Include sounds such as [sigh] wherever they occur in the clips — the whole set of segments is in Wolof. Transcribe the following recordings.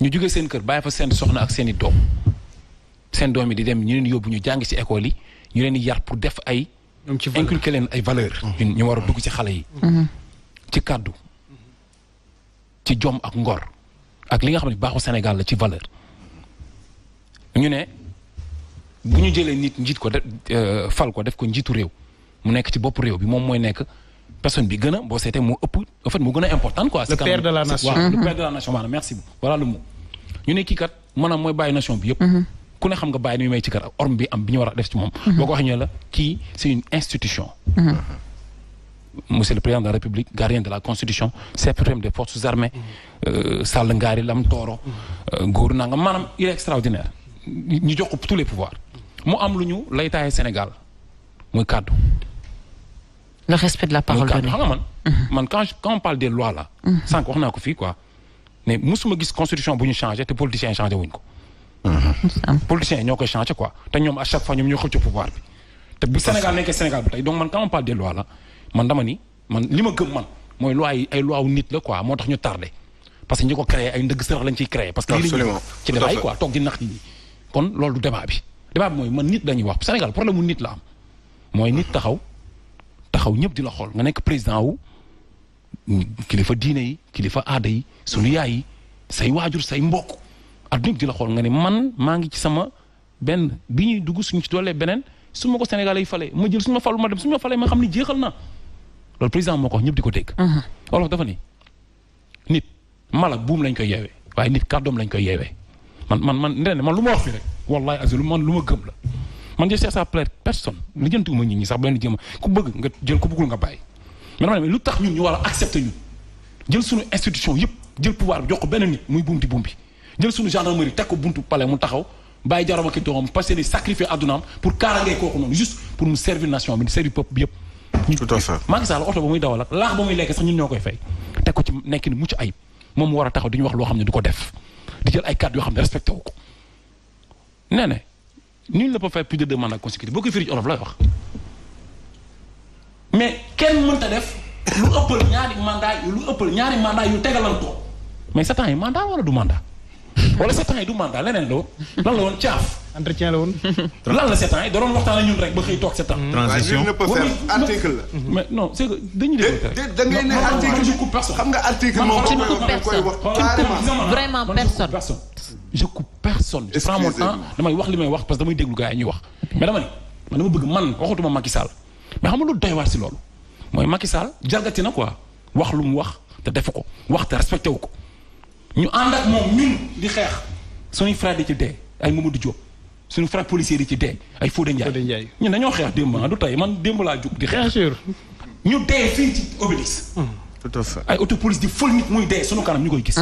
ñu jóge seen kër bàyyi fa seen soxna ak seeni i doom seen doom yi di dem ñu leen yóbbu ñu jàng ci ecole yi ñu leen di yar pour def ay. ñoom ci inculquer leen ay valeur mm-hmm. ñu war a ci xale yi. Mm-hmm. Mm-hmm. ci kàddu jom ak ngor ak li nga xam ne baaxu Sénégal ci valeur ne bu ñu jëlee nit njiit ko def euh, fal ko def ko njiitu réew mu nekk ci bopp réew bi moom mooy nekk. personne bi gëna bo boo mo moo ëpp en fait moo gën a important quoi. le père de la nation waaw le mm-hmm. père de la nation maanaam merci voilà le mot. ñu né ki kat manam moy bàyyi nation bi yëpp. Mm-hmm. ku ne xam nga bàyyi ni may ci kat orme bi am bi ñu wara def ci mom mm-hmm. boo wax waxee ñu la kii c' une institution. monsieur le président de la république gardien de la constitution suprême des forces armées. euh Sall ngari Lam toro euh, góor naa nga manam il est extraordinaire. ñu jox ko tous les pouvoirs. mo am lu ñu lay tayé Sénégal moy cadeau le respect de la parole donnée man mhm. man quand quand on parle des lois là. Mhm. sans wax naa ko fii quoi mais mosuma gis constitution bu changer, changé te politiciens changer changé wuñ ko. Mhm. politiciens yi ñoo koy quoi te ñoom à chaque fois ñoom ñoo xëcc pouvoir bi. te bu Sénégal nekkee Sénégal ba donc man quand on parle des lois là man dama ni man li ma gëm man mooy loi yi ay loi wu nit la quoi moo tax ñu tardé. parce que ñi ko créé ay ndëgg sërëx lañ ciy créé. parce que lii lañ ci débat yi quoi toog di nax nit ñi. kon loolu du débat bi débat bi man nit la ñuy wax Sénégal problème nit la am mooy nit taxaw taxaw ñëpp di la xool nga nekk président wu kilifa diine yi kilifa aada yi sunu yaay yi say waajur say mbokk at ñëpp di la xool nga ni man maa ngi ci sama benn bi ñuy dugg suñu ci doolee beneen su ma ko Sénégal ay fale ma jël suñu ma falu ma dem suñu ma falee ma xam ni jeexal na loolu président moo ko ñëpp di ko dégg. wolof mhm. dafa ni nit mala buum lañ koy yeewee waaye nit kàddoom lañ koy yeewee man man man nee man lu ma wax fi rek wallahi azul man lu ma gëm la. man je cherche à plaire personne lijjanti ma nit ñi sax benn jëm ku bëgg nga jël ku bëggul nga bàyyi mais dama lu tax ñun ñu wala accepter ñun jël suñu institution yëpp jël pouvoir jox ko benn nit muy bumti bumbi jël suñu gendarmerie teg ko buntu palais mu taxaw bàyyi jaraba ki doomam passé ni sacrifier addunaam pour kaarangee koku non juste pour nous servir nation bi servir peuple bi yëpp. tout à fait Macky Sall oto ba muy dawal ak laax bu muy lekk sax ñun ñokoy fay teg ko ci nekk ni mucc ayib mom wara taxaw di wax lo xamni du ko def di jël ay cadre yo xam respecté wu ko nee na nul la peut faire plus de deux mandats consécutifs boo ko firi ci olof lay wax mais kenn mënta def lu ëppal ñaari mandat lu ëppal ñaari mandat yu tegalantoo mais satan yi mandat wala du mandat wala sept ans du mandat leneen lo woon lan la woon caaf. entretien la woon. lan la sept ans yi da doon waxtaan ak ñun rek ba xëy toog sept ans. transition article la. mais non c'est que dañuy déglu. da ngay ne article je coupe personne. xam nga article moom koy personne vraiment personne. je coupe personne. je prends mon temps damay wax limay wax parce que damay déglu gaay yi ñuy wax. mais dama ni man dama bëgg man waxatuma Macky Sall mais xam nga lu doy waar si loolu mooy Macky Sall jalgati na quoi wax lu mu wax te defu ko wax te respecté wu ko. ñu ànd ak moom ñun di xeex suñuy frère di ci dee ay Mamadou Diop suñu frère policier di ci dee ay Fodé ñu ñun ñoo xeex démb ah du tey man démb laa jug di xeex. ñu dee fii ci Obélisque. tout ay auto police di fël nit muy dee suñu kanam ñu koy gis.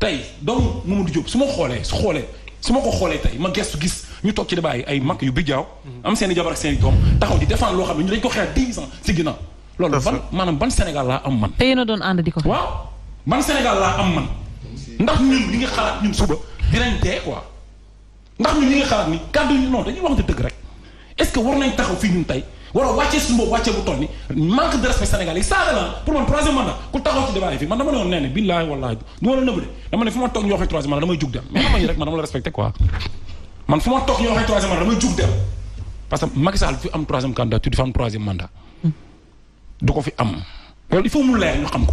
tey doomu Mamadou Diop su ma xoolee su xoolee su ma ko xoolee tey ma gestu gis ñu toog ci débat yi ay mag yu bijaaw. am seen i jabar ak seen i taxaw di défendre loo xam ne ñu dañ ko xeex dix ans na ginnaaw. loolu ban maanaam ban Sénégal laa am man. te yéen doon ànd di ko waaw man Sénégal laa am man ndax ñun li nga xalaat ñun suba dinañ dee quoi ndax ñun li nga xalaat ni kàddu ñu non dañuy waxante dëgg rek est-ce que war nañ taxaw fii ñun tey war a wàccee suñu bopp wàccee bu toll ni manque de respect sénégalais saaga la pour man troisième mandat ku man dama ne woon nee ne billaahi wallaahi du ma la nëbb de dama ne fu ma toog ñoo waxee troisième mandat damay jug dem mais dama ñu rek man dama fu ma toog ñu waxee troisième mandat damay jug dem parce que Macky fi am troisième candidature di fa am du ko fi am loolu il faut mu leer ñu xam ko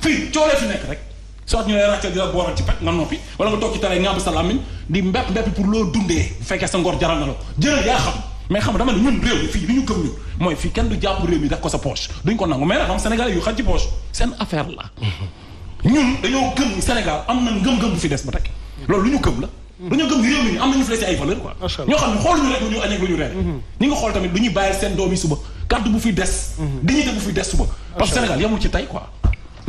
fii coolee fi nekk rek soit ñu lay nga noppi wala nga toog ci tare ngàmb sa làmmiñ di mbepp mbepp pour loo dundee bu fekkee sa ngor jaral na la jëral yaa xam mais xam dama ne fii li ñu gëm mooy fii kenn du jàpp réew def ko sa poche duñ ko nangu mais nag am sénégalais yu xaj ci poche seen affaire la ñun dañoo gëm Sénégal am na ngëm-ngëm bu fi des ba teg loolu lu ñu gëm la dañoo gëm ni réew mi ñu am nañu fi la si ay valeur quoi ñoo xam ne xooluñu ñu añeeg lu ñu reer ñi nga xool tamit du ñuy bàyyi seen doom suba kàddu bu fi des mhm. dignité bu fi des suba parce que Sénégal ci tey quoi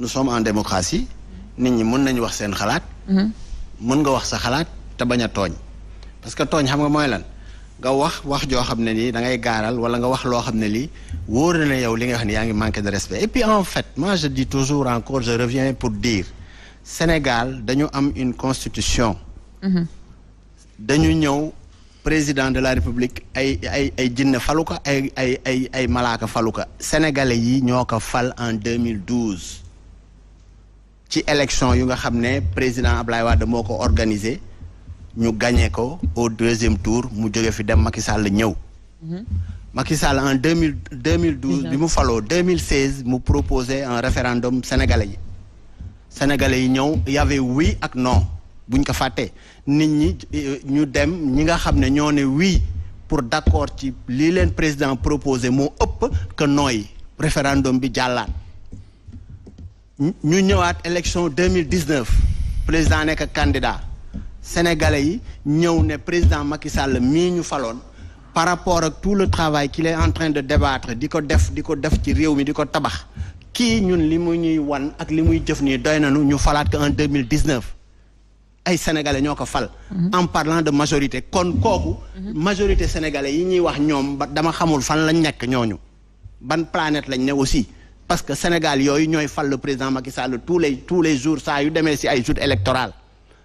nous sommes en démocratie nit ñi mën nañu wax seen xalaat. Mhm. mën nga wax sa xalaat te bañ a parce que tooñ xam nga mooy lan nga wax wax joo xam ni, nii da ngay gaaral wala nga wax loo xam ne lii yow li nga ni ngi de respect et puis en fait moi je dis toujours encore je reviens pour dire Sénégal dañu am une constitution. Mhm. dañu ñëw président de la république ay ay ay jinne falu ay ay ay ay malaka falu sénégalais yi ñoo ko fal en 2012 ci élection yu nga xamné président Ablaye Wade moko organisé ñu gagné ko au deuxième tour mu joggé fi dem Macky Sall ñëw. Mhm. Macky Sall en 2012, 2012 mhm. bi mu fallo 2016 mu proposer un référendum sénégalais sénégalais yi ñëw y avait oui ak non buñ ko faté nit ñi euh, ñu dem ñi nga xamné ñoo oui pour d'accord, ci li leen président proposé mo upp que non référendum bi jàllaat avons eu l'élection 2019 président candidat sénégalais nous ñëw le président Macky Sall nous ñu par rapport à tout le travail qu'il est en train de débattre diko def diko def ci réew mi diko tabax le ñun ñuy wan ak limuy jëf en 2019 ay sénégalais mhm. en parlant de majorité kon mhm. majorité sénégalais yi ñi wax ñom dama xamul fan lañ nekk ñoñu ban planète lañ aussi parce que Sénégal il y a le président Macky Sall tous les tous les jours ça yu eu messieurs à joutes électorales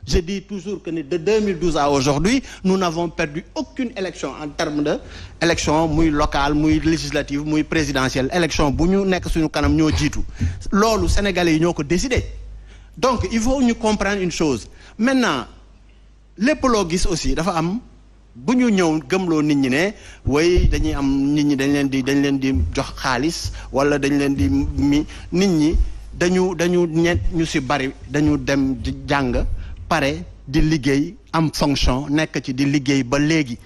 je dis toujours que de 2012 à aujourd'hui nous n'avons perdu aucune élection en termes de élection locale législative présidentielle élection nous, ñu suñu kanam ñoo sénégalais donc il faut nous comprendre une chose maintenant l'épologiste aussi dafa si ñëw nit ñi ne way dañuy am nit ñi dañ leen di dañ leen di jox xaalis wala dañ leen di nit ñi dañu dañu ñu ci bari dañu dem di jàng pare di liggéey am fonction nekk ci di liggéey ba léegi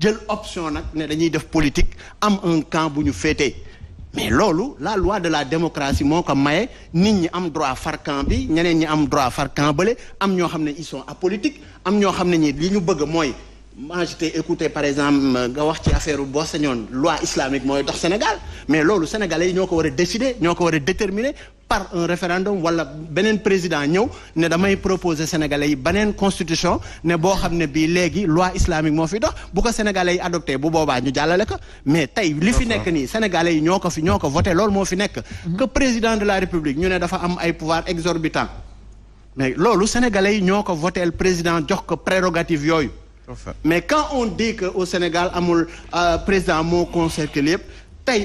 jël option nag ne dañuy def politique am un camp bu ñu mais loolu la loi de la démocratie moo ko nit ñi am droit far camp bi ñeneen ñi am droit far camp am ñoo xam ne ils sont politique. am ñoo xam ñi li ñu bëgg moi j'étais écouté par exemple nga wax ci loi islamique mooy dox Sénégal mais le sénégalais ils ont a décider ñoo ko déterminer par un référendum wala un président ñëw ne damay proposer sénégalais yi constitution ne boo xam ne bii loi islamique moo fi dox sénégalais yi adopté bu boobaa ñu ko mais tey li fi nekk ni, sénégalais yi ont ko fi ñoo ko voté loolu fi mhm. que président de la république ñu ne dafa am ay pouvoir exorbitant mais le sénégalais yi ont ko voté président jox ko prérogative yooyu mais quand on dit qu'au Sénégal, amul euh, président moo concerté lépp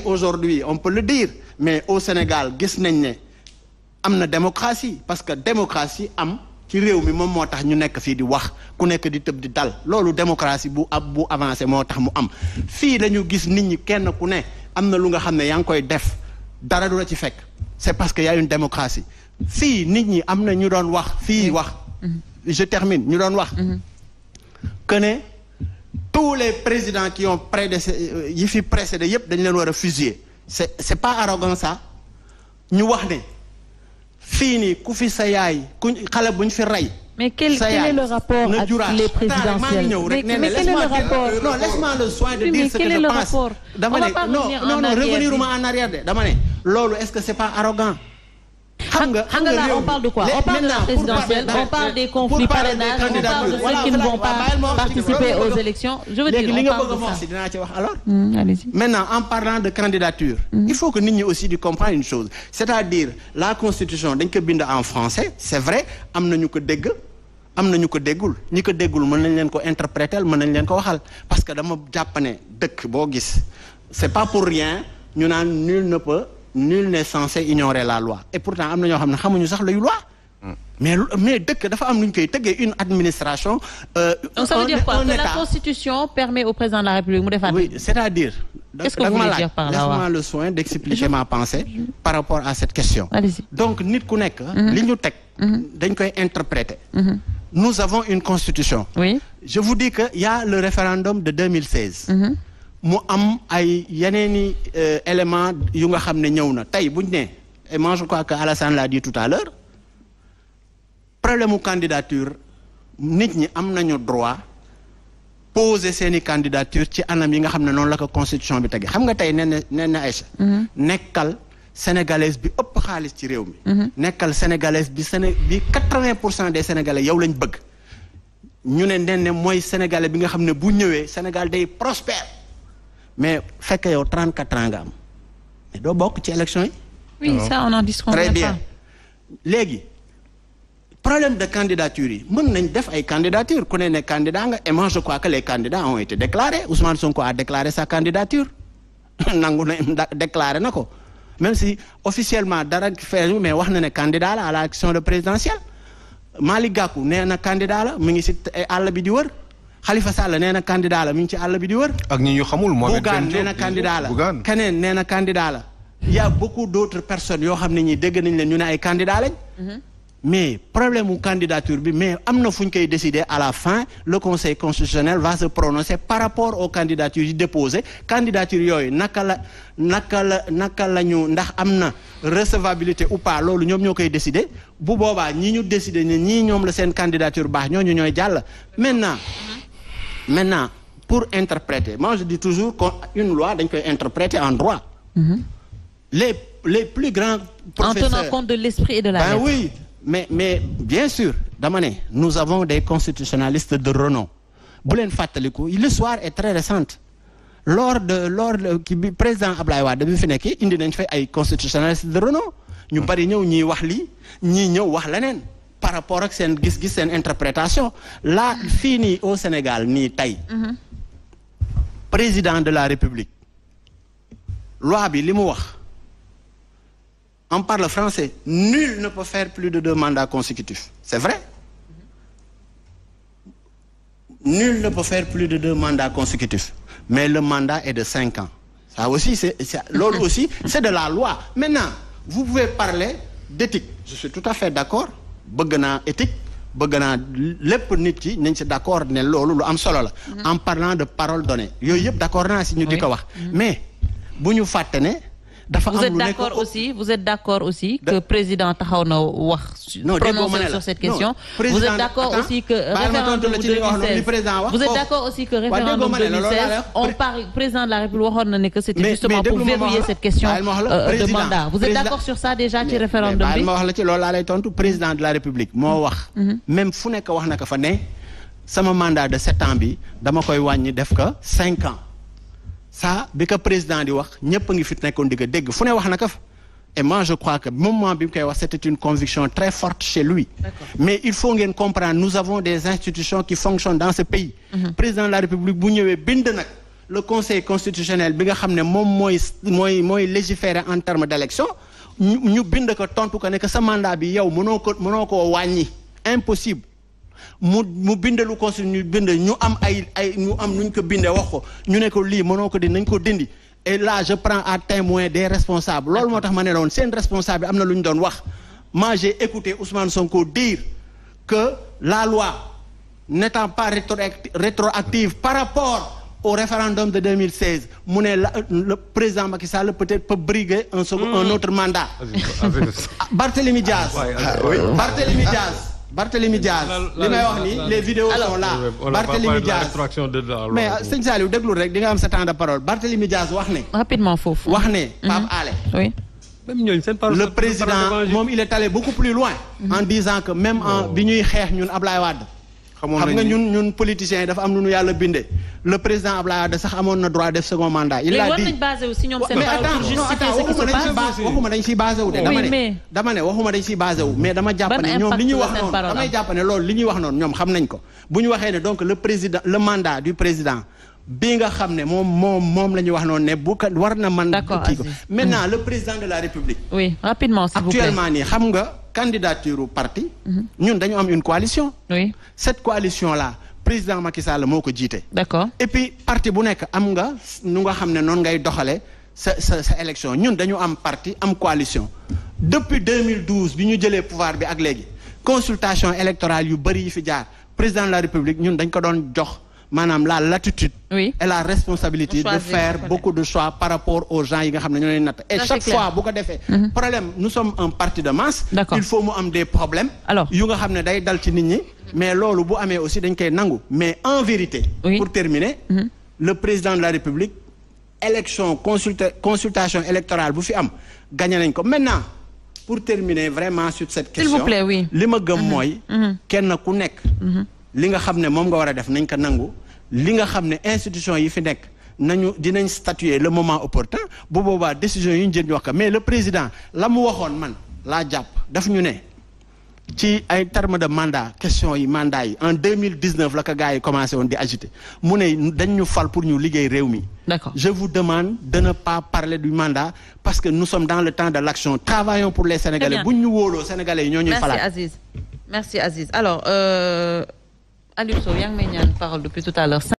aujourd'hui on peut le dire mais au Sénégal gis nañ ne démocratie parce que démocratie am ci réew mi moom moo ñu nekk fi di wax ku nekk di tëb di dal loolu démocratie bu ab bu avancé motax mu am fii dañu gis nit ñi kenn ku ne am na lu nga xam ne yaa ngi koy def dara du la ci fekk c'est parce que y a une démocratie fii nit ñi am na ñu doon wax fii wax mm-hmm. je termine ñu doon wax mm-hmm que tous les présidents qui ont pris euh, yi fi précédé yep refusé. Ce n'est Ce pas arrogant ça Nous avons ne Fini, nii ku fi sa mais quel, est le rapport avec les présidentielles mais, mais, mais quel est le rapport non laisse-moi le soin de dire ce que je pense dama ne non non non revenir en arrière est-ce que ce n'est pas arrogant on parle de quoi on parle de la présidentielle on parle des conflits parrainages, on parle de ceux qui ne vont pas participer aux élections je veux dire on parle de ça alors. Hmm, maintenant en parlant de candidature. Hmm. il faut que nous, aussi di une chose c'est-à-dire la constitution d'un ko en français c'est vrai nous ko dégg. am ñu ko déggul ñi ko déggul mën nañ leen ko interpréter mën nañ leen ko waxal parce que dama jàpp ne dëkk boo gis c'est pas pour rien ñu naan nul ne peut nul n'est censé ignorer la loi et pourtant nous avons ñoo loi mm. mais mais que dafa am une administration. Euh, donc ça veut dire quoi que la constitution permet au président de la république de faire. oui c'est-à-dire. qu'est-ce que vous voulez dire par là laisse-moi le soin d'expliquer ma pensée. par rapport à cette question. donc mm-hmm. mm-hmm. interpréter. Mm-hmm. nous avons une constitution. oui je vous dis qu'il y a le référendum de 2016 mu am ay yeneeni euh, élément yu nga xam ne ñëw na tey buñ ne et moi je crois que Alassane l'a dit tout à l'heure problème mu candidature nit ñi am nañu droit poser seeni candidature ci anam yi nga xam ne noonu la ko constitution bi tege xam nga tey nen nen na Aïcha mhm. nekkal sénégalaise bi ëpp xaalis ci réew mi mhm. nekkal sénégalaise bi séné bi 80 pour cent des sénégalais yow lañ bëgg ñu ne nen ne mooy sénégalais bi nga xam ne bu ñëwee Sénégal day prospère mais y a 34 ans il mais doo beaucoup ci oui ça on en discute très bien Légui, problème de candidature yi mën nañ def ay candidature ku ne candidat et moi je crois que les candidats ont été déclarés Ousmane Sonko a déclaré sa candidature [laughs] nangu a déclaré même si officiellement il y mais des candidats candidat à l'élection présidentielle Mali Gakou nee na candidat la est ngi si e, Khalifa Sall nee candidat la mi ci àll bi di wër. ak ñi ñu xamul Mohamed Bougan nee na candidat la keneen nee candidat la. y' a beaucoup d'autres personnes yo xamni ñi dégg nañ leen ñu né ay candidat lañ. Mhm. mais problème mu candidature bi mais amna fuñ koy décider à la fin le conseil constitutionnel va se prononcer par rapport aux candidatures déposées candidature yoy nakala nakala naka ñu ndax amna recevabilité ou pas lolu ñom ñokay décider bu boba ñi ñu décider ne ñii ñoom la seen candidature baax ñoo ñoy jall maintenant. Maintenant, pour interpréter, moi je dis toujours qu'une loi, donc, interpréter en droit. Mhm. les, les, plus grands professeurs... En tenant compte de l'esprit et de la ben oui, mais, bien sûr, Damane, nous avons des constitutionnalistes de renom. Boulen Fatalikou, l'histoire est très récente. Lors de, lors qui, président Ablaïwa de Bifineki, il y a des constitutionnalistes de renom. Nous parlons, nous parlons, nous parlons, nous par rapport à cette interprétation là fini au Sénégal ni Taï. Mhm. président de la République loi bi on parle français nul ne peut faire plus de deux mandats consécutifs c'est vrai nul ne peut faire plus de deux mandats consécutifs mais le mandat est de cinq ans ça aussi c'est aussi c'est de la loi maintenant vous pouvez parler d'éthique je suis tout à fait d'accord bëgg naa éthique bëgg naa lépp nit ci nañ si d' accord ne loolu lu am solo la. Mm-hmm. en parlant de parole donnée yooyu yëpp d' accord naa si ñu di ko wax. Mm-hmm. mais bu ñu fàtte ne. Vous êtes d'accord aussi vous êtes d'accord aussi que le président taxaw na wax. sur cette question. vous êtes d'accord aussi que. référendum 2016 vous êtes d'accord aussi que référendum 2016 on parle président de la République waxoon na ne que c' justement pour verrouiller cette question euh, de mandat vous êtes d'accord sur ça déjà ci référendum bi. ma wax la ci président de la République moo wax. Mhm. même fu nekk wax na ko fa ne sama mandat de sept ans bi dama koy wàññi def ko cinq ans ça bika président di wax ñepp a ngi fi nekkoon di dégg fune wax na et moi je crois que moment bi mu koy wax c'était une conviction très forte chez lui mais il faut ngeen comprendre nous avons des institutions qui fonctionnent dans ce pays mm -hmm. président de la république bu ñëwé bind nak le conseil constitutionnel bi nga xamné mom moy moy moy légiférer en termes d'élection ñu bind ko tontu ko ne que sa mandat bi yow mëno ko mëno ko wañi impossible mu mu bindalu constitution ñu bind ñu am ay ay ñu am nuñ ko bindee wax ko ñu ne ko lii mënoo ko di nañ ko dindi et là je prends à témoin des responsables C'est une responsable moi j'ai écouté Ousmane Sonko dire que la loi n'étant pas rétroactive par rapport au référendum de 2016 mu le président Macky Sall peut-être peut briguer un, mm-hmm. un autre mandat. [laughs] Ah, Barthélémy Diaz. Barthélémy Diaz. Barthélemy Diaz wax ni les vidéos sont là Barthélemy Diaz mais Seigne Saliou déglu rek di nga am sa temps de parole Barthélemy Diaz wax ne. rapidement foofu. wax ne Pape mhm. Alé. oui. le président il est allé beaucoup plus loin. en mhm. disant que même en oh. biñuy nous ñun Ablaye Wade xam nga ñun ñun politiciens yi dafa am lu ñu yàlla bindee le président Abdoulaye Wade sax amoon na droit def second mandat. il a dit mais attends waxuma dañ siy basé wu de. dama ne dama ne waxuma dañ siy basé wu mais dama jàpp ne ñoom li ñuy wax noonu damay jàpp ne loolu li ñuy wax noonu ñoom xam nañ ko. bu ñu waxee ne donc le président le mandat du président bi nga xam ne moom moom moom la ñuy wax noonu ne bu ko war na mën. d'accord maintenant le président de la république. oui rapidement s'il vous plaît actuellement nii xam nga candidature au parti. Mhm. nous, avons une coalition. cette coalition là président Macky le m'a dit. d'accord et puis le parti bu nous avons, nga nu nga sa élection Nous avons am parti am coalition. depuis 2012 nous avons le pouvoir de ak consultation électorale yu président de la république nous avons ko Madame, la latitude. et la responsabilité. de faire beaucoup de choix par rapport aux gens qui et chaque fois beaucoup mhm. problème nous sommes un parti de masse. il faut nous des problèmes. alors mais aussi mais en vérité. pour terminer. Mhm. le président de la république. élection consultation électorale vous faites gagner maintenant pour terminer vraiment sur cette question. s'il vous plaît oui li nga xam ne nga wara def nañ ko nangu li nga xam ne institution yi fi nek nañu dinañ statuer le moment opportun bu boobaa décision yi ñu wax mais le président la mu man la japp daf ñu né ci ay terme de mandat question yi mandat yi en 2019 la ka gars yi commencé won di agiter mu né dañ ñu fal pour ñu liggéey réew mi d'accord je vous demande de ne pas parler du mandat parce que nous sommes dans le temps de l'action travaillons pour les Sénégalais bu ñu wolo Sénégalais yi ñoo ñuy merci Aziz merci Aziz alors euh... Aliou Sow yaa ngi may ñaan parole